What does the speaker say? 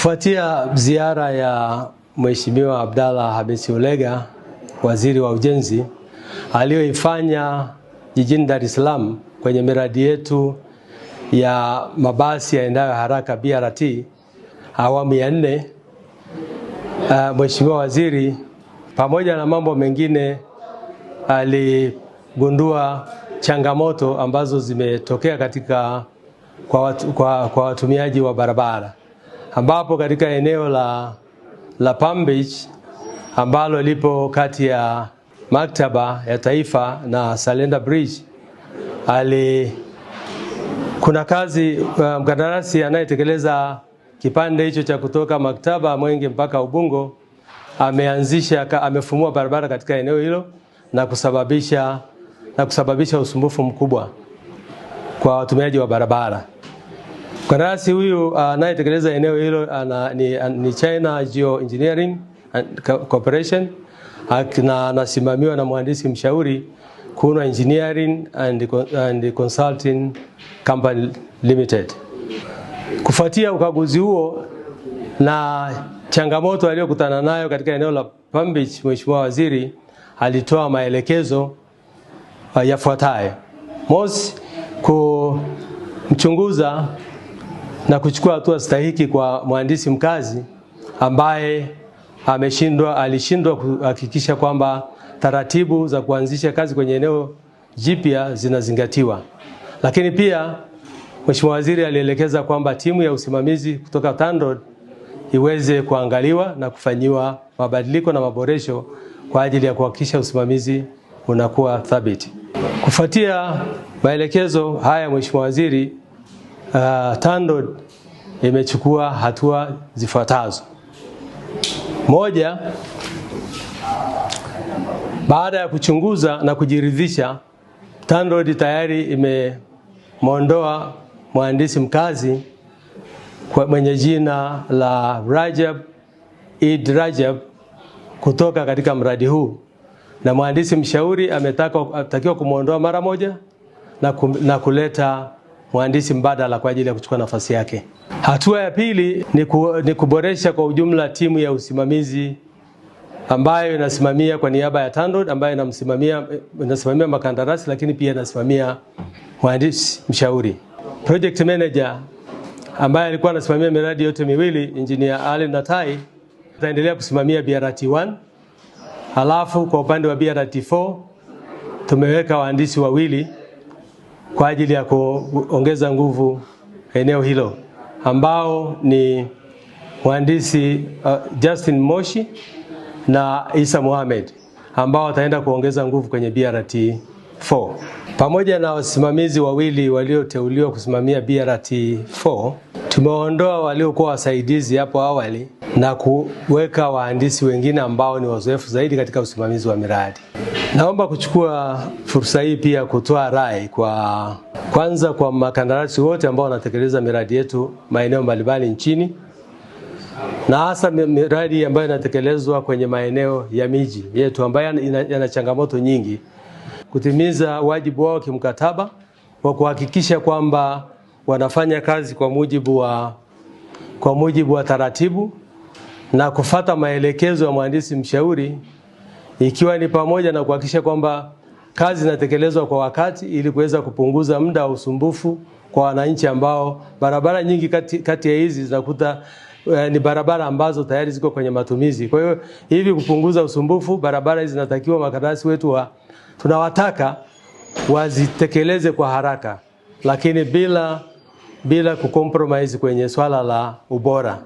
Kufuatia ziara ya Mheshimiwa Abdalla Hamisi Ulega, waziri wa ujenzi, aliyoifanya jijini Dar es Salaam kwenye miradi yetu ya mabasi yaendayo haraka BRT awamu ya nne, uh, Mheshimiwa waziri pamoja na mambo mengine aligundua changamoto ambazo zimetokea katika kwa, watu, kwa, kwa watumiaji wa barabara ambapo katika eneo la, la Palm Beach ambalo lipo kati ya maktaba ya taifa na Salenda Bridge ali kuna kazi uh, mkandarasi um, anayetekeleza kipande hicho cha kutoka maktaba Mwenge mpaka Ubungo ameanzisha amefumua barabara katika eneo hilo na kusababisha, na kusababisha usumbufu mkubwa kwa watumiaji wa barabara. Mkandarasi huyu uh, anayetekeleza uh, eneo hilo uh, na, ni, uh, ni China Geo Engineering and Corporation na anasimamiwa na mhandisi mshauri Kuna Engineering and, and Consulting Company Limited. Kufuatia ukaguzi huo na changamoto aliyokutana nayo katika eneo la Palm Beach, Mheshimiwa Waziri alitoa maelekezo yafuatayo: mosi, kumchunguza na kuchukua hatua stahiki kwa mhandisi mkazi ambaye ameshindwa, alishindwa kuhakikisha kwamba taratibu za kuanzisha kazi kwenye eneo jipya zinazingatiwa. Lakini pia Mheshimiwa Waziri alielekeza kwamba timu ya usimamizi kutoka TANROADS iweze kuangaliwa na kufanyiwa mabadiliko na maboresho kwa ajili ya kuhakikisha usimamizi unakuwa thabiti. Kufuatia maelekezo haya, Mheshimiwa Waziri uh, TANROADS imechukua hatua zifuatazo. Moja, baada ya kuchunguza na kujiridhisha, TANROADS tayari imemwondoa mhandisi mkazi kwa mwenye jina la Rajab Eid Rajab kutoka katika mradi huu, na mhandisi mshauri ametakiwa kumwondoa mara moja na, kum, na kuleta mhandisi mbadala kwa ajili ya kuchukua nafasi yake. Hatua ya pili ni, ku, ni kuboresha kwa ujumla timu ya usimamizi ambayo inasimamia kwa niaba ya TANROADS ambayo inamsimamia inasimamia makandarasi lakini pia inasimamia mhandisi mshauri. Project manager ambaye alikuwa anasimamia miradi yote miwili Engineer Ali Natai ataendelea kusimamia BRT1. Halafu kwa upande wa BRT4 tumeweka wahandisi wawili kwa ajili ya kuongeza nguvu eneo hilo ambao ni mhandisi uh, Justin Moshi na Isa Mohamed ambao wataenda kuongeza nguvu kwenye BRT4 pamoja na wasimamizi wawili walioteuliwa kusimamia BRT4. Tumeondoa waliokuwa wasaidizi hapo awali na kuweka wahandisi wengine ambao ni wazoefu zaidi katika usimamizi wa miradi. Naomba kuchukua fursa hii pia kutoa rai kwa kwanza kwa makandarasi wote ambao wanatekeleza miradi yetu maeneo mbalimbali nchini na hasa miradi ambayo inatekelezwa kwenye maeneo ya miji yetu ambayo yana changamoto nyingi, kutimiza wajibu wao kimkataba wa kuhakikisha kwamba wanafanya kazi kwa mujibu wa, kwa mujibu wa taratibu na kufata maelekezo ya mhandisi mshauri, ikiwa ni pamoja na kuhakikisha kwamba kazi zinatekelezwa kwa wakati ili kuweza kupunguza muda wa usumbufu kwa wananchi ambao barabara nyingi kati, kati ya hizi zinakuta eh, ni barabara ambazo tayari ziko kwenye matumizi. Kwa hiyo hivi kupunguza usumbufu, barabara hizi zinatakiwa makandarasi wetu wa tunawataka wazitekeleze kwa haraka, lakini bila bila kukompromise kwenye swala la ubora.